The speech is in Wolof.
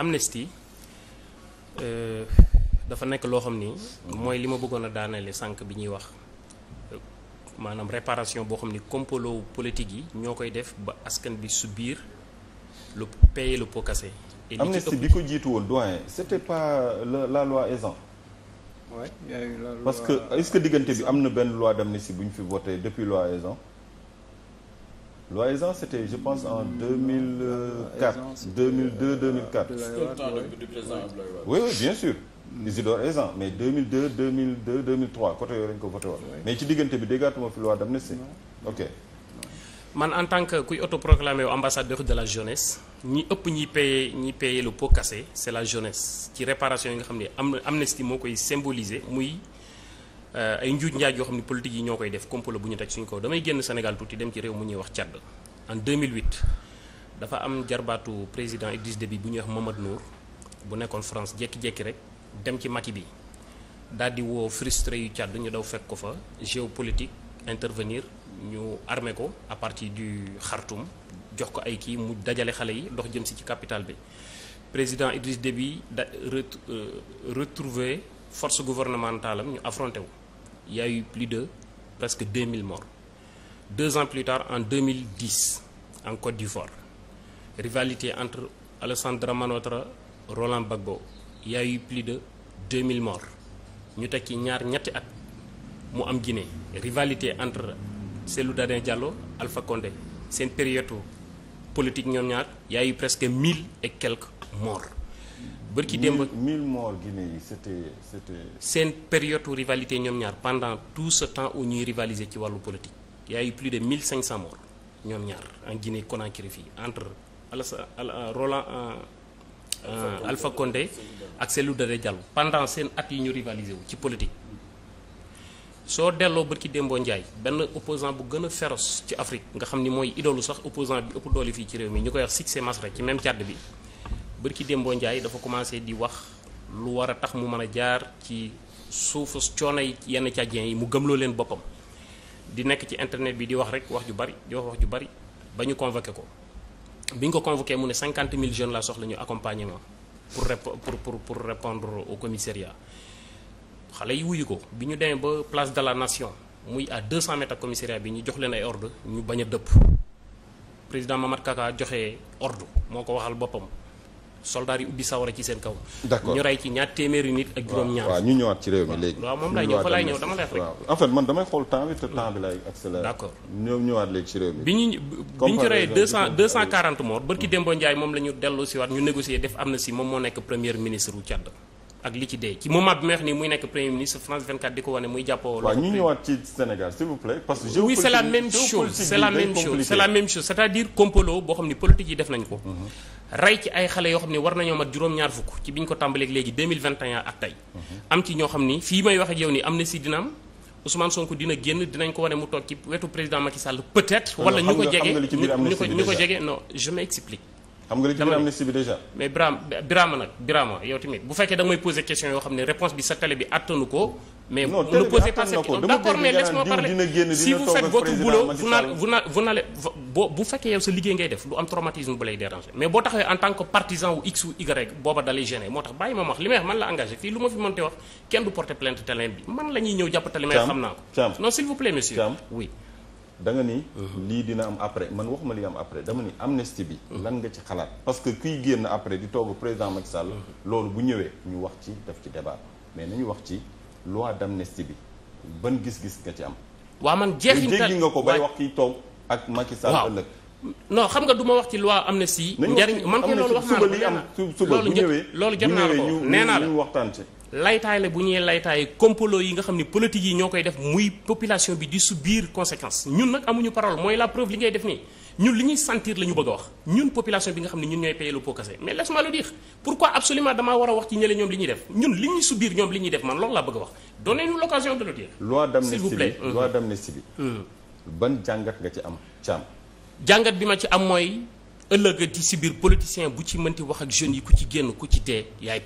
amnistie euh, dafa nekk loo xam ni mooy li ma bëggoon a daanale sànq bi ñuy wax maanaam réparation boo xam ni complot politique yi ñoo koy def ba askan bi subir le payer le pot cassé. amnistie bi ko jiitu woon doyen c'était pas la la loi Ezzan. Ouais, parce que est que diggante bi am na benn loi d'amnistie bu ñu fi voté depuis loi Ezzan. loi Ezzan c'était je pense en 2004 2002 2004. oui oui bien sûr. Isidore Ezzan mais 2002 2002 2003 côté yooyu ko voté woon. mais ci diggante bi déggaatuma fi loi d'amnistie ok. man en tant que kuy autoproclamé wu ambassadeur de la jeunesse ñi ëpp ñi paye ñi paye le pot cassé c'est la jeunesse ci réparation yi nga xam ne am amnistie moo koy symboliser muy. Euh, ay njuuj njaaj yoo xam ne politique yi ñoo koy def complot bu ñu teg suñu kaw damay génn Sénégal tuuti dem ci réew mu ñuy wax Tchad en 2008 dafa am jarbaatu président Idriss Déby bu ñuy wax Mamadou Nour bu nekkoon France jékki-jékki rek dem ci Mati bi daal di woo frustré yu Tchad ñu daw fekk ko fa géopolitique intervenir ñu armé ko à partir du Khartoum jox ko ay kii mu dajale xale yi ndox jëm si ci capitale bi président Idriss Déby da euh, retrouver force gouvernementale am ñu affronté wu. il y a eu plus de presque 2000 Deux ans plus tard, en 2010, en Côte d'Ivoire, rivalité entre Alassane Dramane Ouattara Roland Gbagbo il y a eu plus de 2000 morts ñu tekki ñaar ñetti at mu am Guinée rivalité entre Cellou Dalein Diallo Alpha Condé seen période politique ñoom ñaar il presque mille et quelque morts. bërki démb mille morts Guinée yi c'était c'était seen période rivalité ñoom ñaar pendant tout ce temps où ñuy rivaliser ci wàllu politique y a plus de mille cinq cent morts ñoom ñaar en Guinée Conakry fii entre Alassane euh, Roland euh, euh, Alpha Condé ak Cellou Dalein Diallo pendant seen at yi ñu rivaliser wu ci politique soo delloo bërki démboo Ndiaye benn opposant bu gën a féroce ci Afrique nga xam ni mooy idolu sax opposant bi ëpp doole fii ci réew mi ñu koy wax Cissé Masra ci même cadre bi bërki démboo Ndiaye dafa commencé di wax lu war a tax mu mën a jaar ci suuf coono yi yenn càjjeen yi mu gëm loo leen boppam di nekk ci internet bi di wax rek wax ju bari di wax wax ju bari ba ñu convoqué ko bi ñu ko convoqué mu ne cinquante mille jeunes la soxla ñu accompagnement pour pour pour pour répondre au commissariat xale yi wuyu ko bi ñu demee ba place de la nation muy à 200 mètres ak commissariat bi ñu jox leen ay ordre ñu bañ a dëpp président Mamad Kaka joxe ordre moo ko waxal boppam. soldaar yi ubbi sawara ci seen kaw. ñu rey ci ñaar téeméeri nit ak juróom-ñaar. waaw ñu ñëwaat ci réew mi léegi. waaw moom laay ñëw fa laay ñëw dama lay rek. en fait man damay xool temps bi te temps bi laay accéléré. ñëwaat léegi ci réew mi. bi ñu bi ñu ci reyee deux cent deux cent quarante morts. barki Demba Ndiaye moom la ñu dellu si waat ñu négocier def amnistie moom moo nekk premier ministre wu Tchad. ak li ci dee ci moment bi may wax nii muy nekk premier ministre France 24 di ko wane muy jàppoo. waaw ñu ñëwaat ci Sénégal s'il la même chose c'est la dire complot boo xam ni politique yi def nañ ko. Mhm. rey ci ay xale yoo xam ni war nañoo mat juróom-ñaar fukk ci bi ñu ko tàmbaleeg léegi 2021 ak tey. Mhm. am ci ñoo xam ni fii may wax yow nii am na si dina am Ousmane dina génn dinañ ko wane mu toog wetu président Macky peut-être. wala xam nga li ci biir amnistie bi déjà. mais Birame Birame nag Birame yow tamit bu fekkee da nga may poser question yoo xam ne réponse bi sa télé bi attanu ko. mais non télé bi attanu boo bu fekkee yow sa liggéey wu x ou y booba dalay gêner moo tax bàyyi ma wax li may wax man la engagé fii lu ma fi mënti wax kenn du porter plainte télé bi man la ñëw jàpp télé xam naa ko non s'il vous plaît monsieur oui da nga ni. Mhm. lii dina am après man ma li am après dama ni amnistie bi. Mhm. lan nga ci xalaat parce que kuy génn après di toog président Macky Sall. Mhm. loolu bu ñëwee ñu wax ci def ci débat mais nañu wax ci loi d'amnistie bi ban gis-gis nga ci am. waaw man jeexintal jéggi nga ko bay wax kiy toog ak Macky Sall ëllëg. non xam nga du ma wax ci loi amnistie. njariñ man ko loolu wax naa la ko suba li am suba bu ñëwee. loolu jot naa la ko nee naa la waxtaan ci. laytaay la bu ñuy laytaay complot yi nga xam ne politique yi ñoo koy def muy population bi di subir conséquence ñun nag amuñu parole mooy la preuve li ngay def nii ñun li ñuy sentir la ñu bëgg a wax ñun population bi nga xam ne ñun ñooy payer le pot cassé mais laisse-moi le dire pourquoi absolument damaa war a wax ci ñële ñoom li ñuy def ñun li ñuy subir ñoom li ñuy def man loolu laa bëgg a wax donnez-nous l'occasion de le dire loi d'amnistie s'il vous mmh. ban jàngat nga ci am caam jàngat bi ma ci am mooy ëllëg ci si biir politicien bu ci mënti wax ak jeunes yi ku ci génn ku ci dee yaay